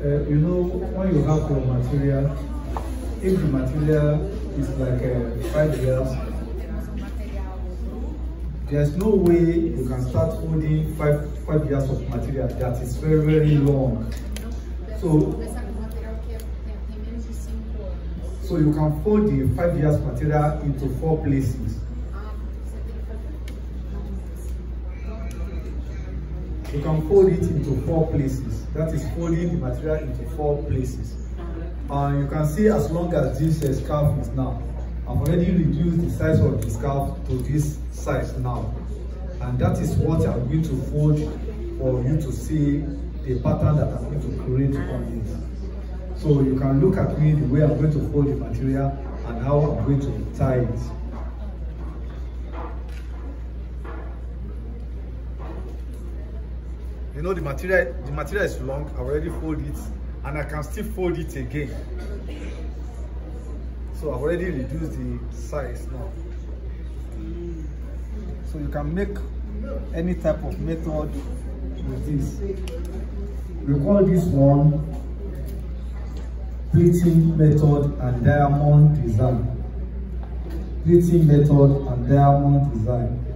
Uh, you know, when you have your material, if the material is like uh, five years, there's no way you can start holding five five years of material that is very very long. So so you can fold the five years material into four places. you can fold it into four places. That is folding the material into four places. And you can see as long as this uh, scarf is now, I've already reduced the size of the scarf to this size now. And that is what I'm going to fold for you to see the pattern that I'm going to create on this. So you can look at me the way I'm going to fold the material and how I'm going to tie it. you know the material the material is long i already fold it and i can still fold it again so i've already reduced the size now so you can make any type of method with this we call this one pleating method and diamond design pleating method and diamond design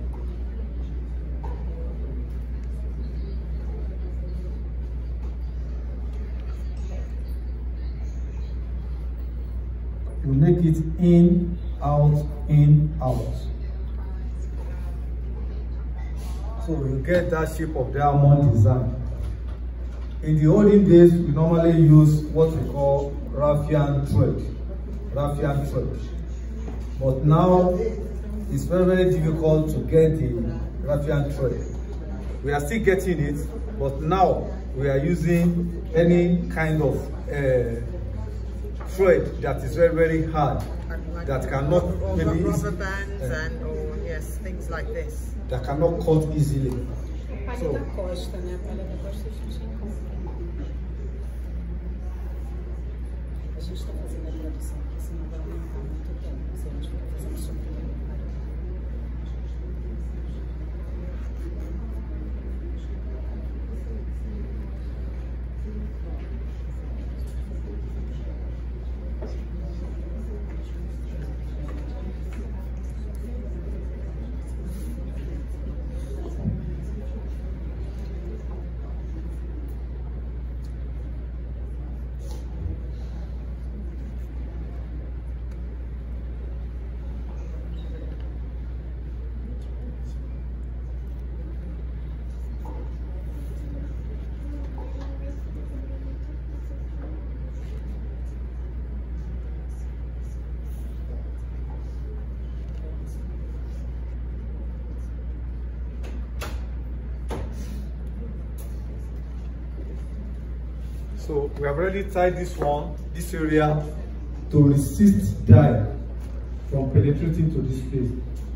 make it in, out, in, out. So you get that shape of diamond design. In the olden days, we normally use what we call raffian thread. Raffian thread. But now, it's very, very difficult to get the raffian thread. We are still getting it, but now we are using any kind of uh, thread that is very, very hard, like that cannot or, maybe rubber bands uh, eh. and or oh, yes, things like this that cannot cut easily. So, So we have already tied this one, this area, to resist dye from penetrating to this place.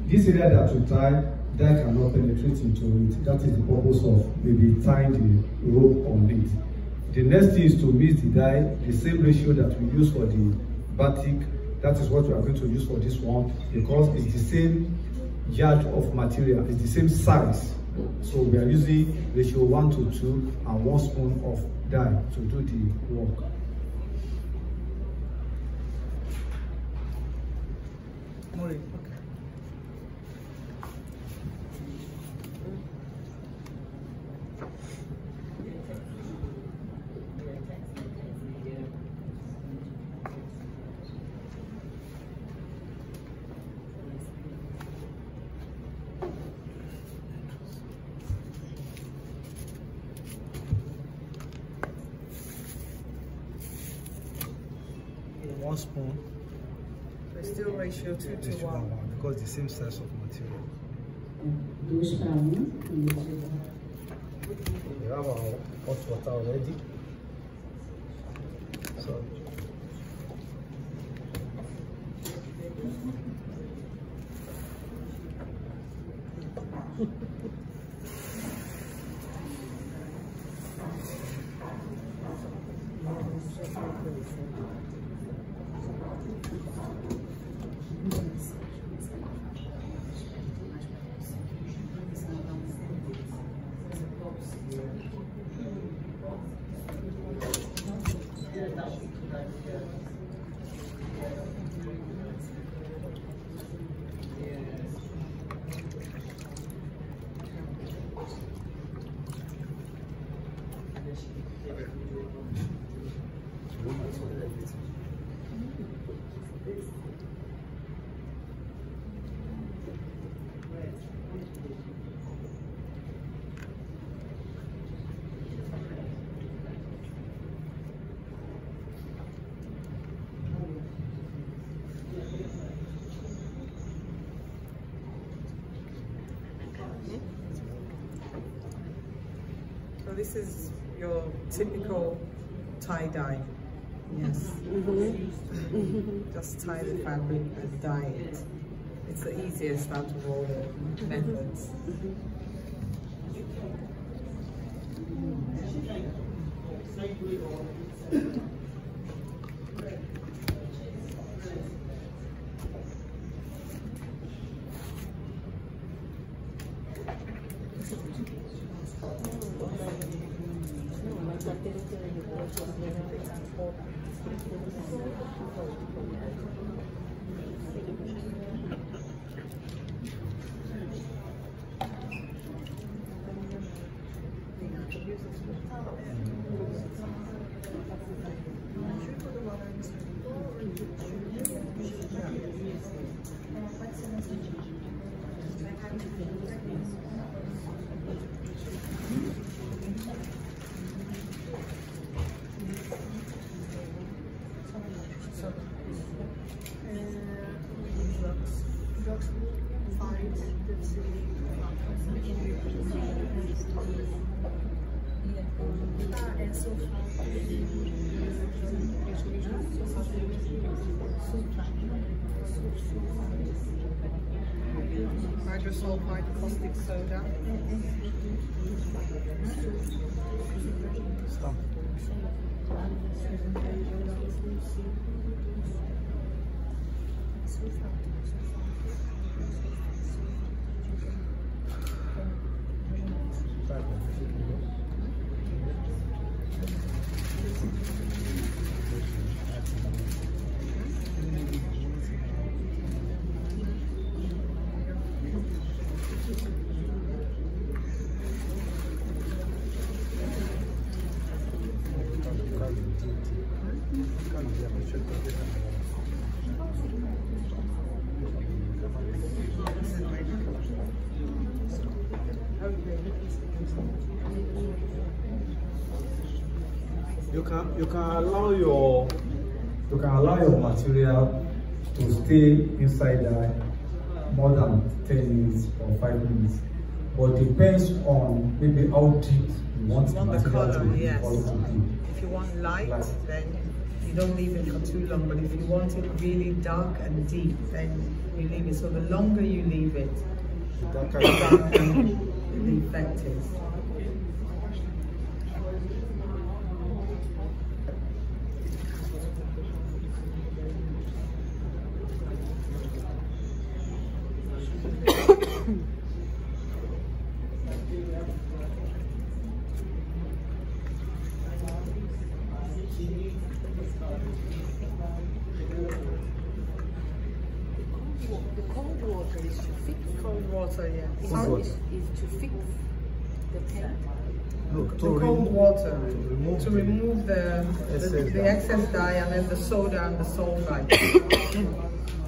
This area that we tie, dye cannot penetrate into it. That is the purpose of maybe tying the rope on it. The next thing is to mix the dye, the same ratio that we use for the batik. That is what we are going to use for this one because it's the same yard of material, it's the same size. So we are using ratio 1 to 2 and 1 spoon of Die to do the work. Morning. one spoon. The steel ratio 2 to 1. one because the same size of material. We have our hot water already. So this is your typical tie-dye. Yes. Mm -hmm. Just tie the fabric and dye it. It's the easiest out of all the mm-hmm. methods. Mm -hmm. Mm -hmm. hydrosulfide caustic soda. Stop. Stop. you can you can allow your you can allow your material to stay inside there more than 10 minutes or 5 minutes but depends on maybe how deep you want, the material color, to, yes. to be. If you want light, light, then you don't leave it for too long. But if you want it really dark and deep, then you leave it. So the longer you leave it, the darker the effect is. the cold water is to fix cold water, yeah. Cold water. Is, is to fix the paint. Look, to the cold water to remove, to remove the, the, the, excess dye and then the soda and the salt dye.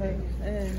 Okay. And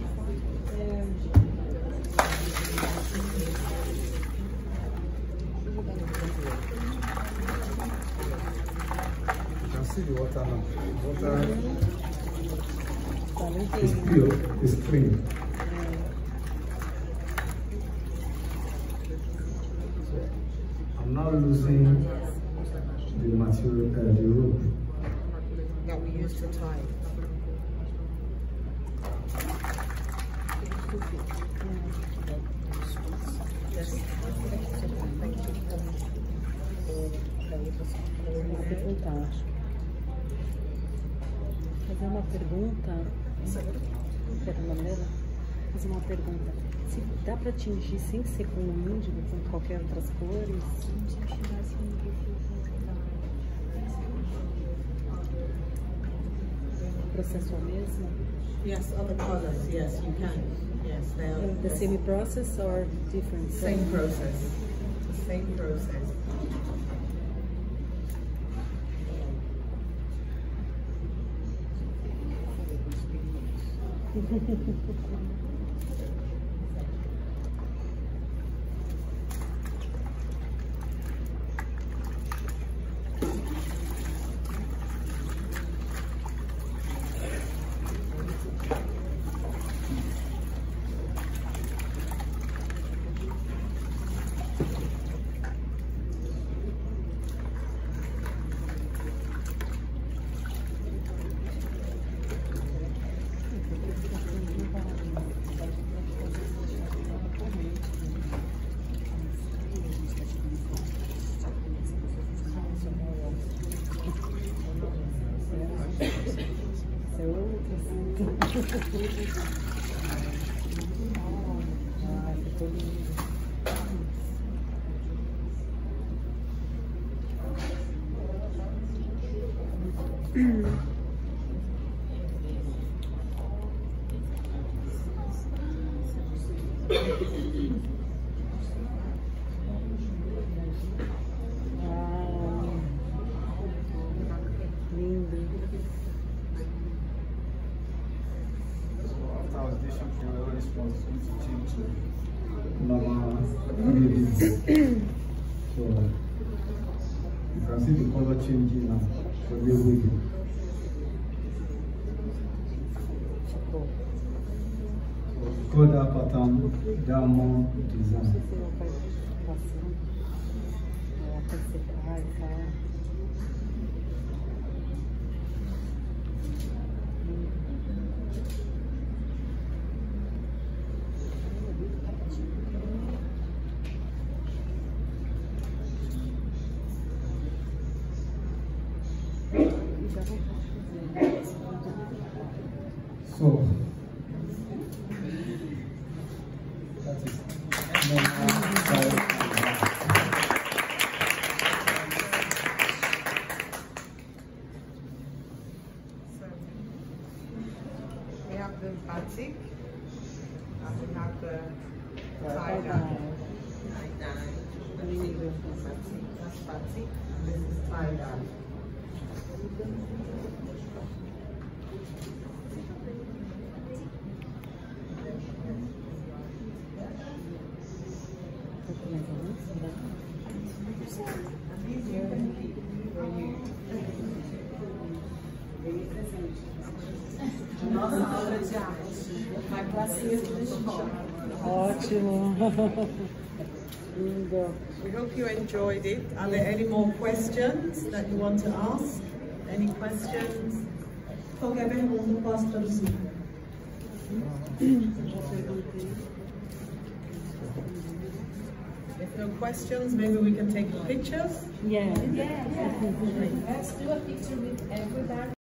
the water now. Water is pure, is clean. I'm now using the material, uh, the rope. That we used to tie. Thank you. fazer uma pergunta. Fernanda, fazer uma pergunta. Se dá para atingir sem ser com o índigo, com qualquer outras cores? O processo mesmo? Yes, other colors, yes, you can. Yes, they are. The same process or different? Same process. Same process. Thank you. Thank you. So you can see the color changing now for the wig. So call that pattern diamond design. have the batik. I would have the tie dye. That's batik. That's This is tie dye. Thank you. Ótimo. Lindo. We hope you enjoyed it. Are there any more questions that you want to ask? Any questions? Qualquer pergunta posso traduzir. If no questions, maybe we can take pictures? Yeah. yeah. yeah. Let's do a picture with everybody.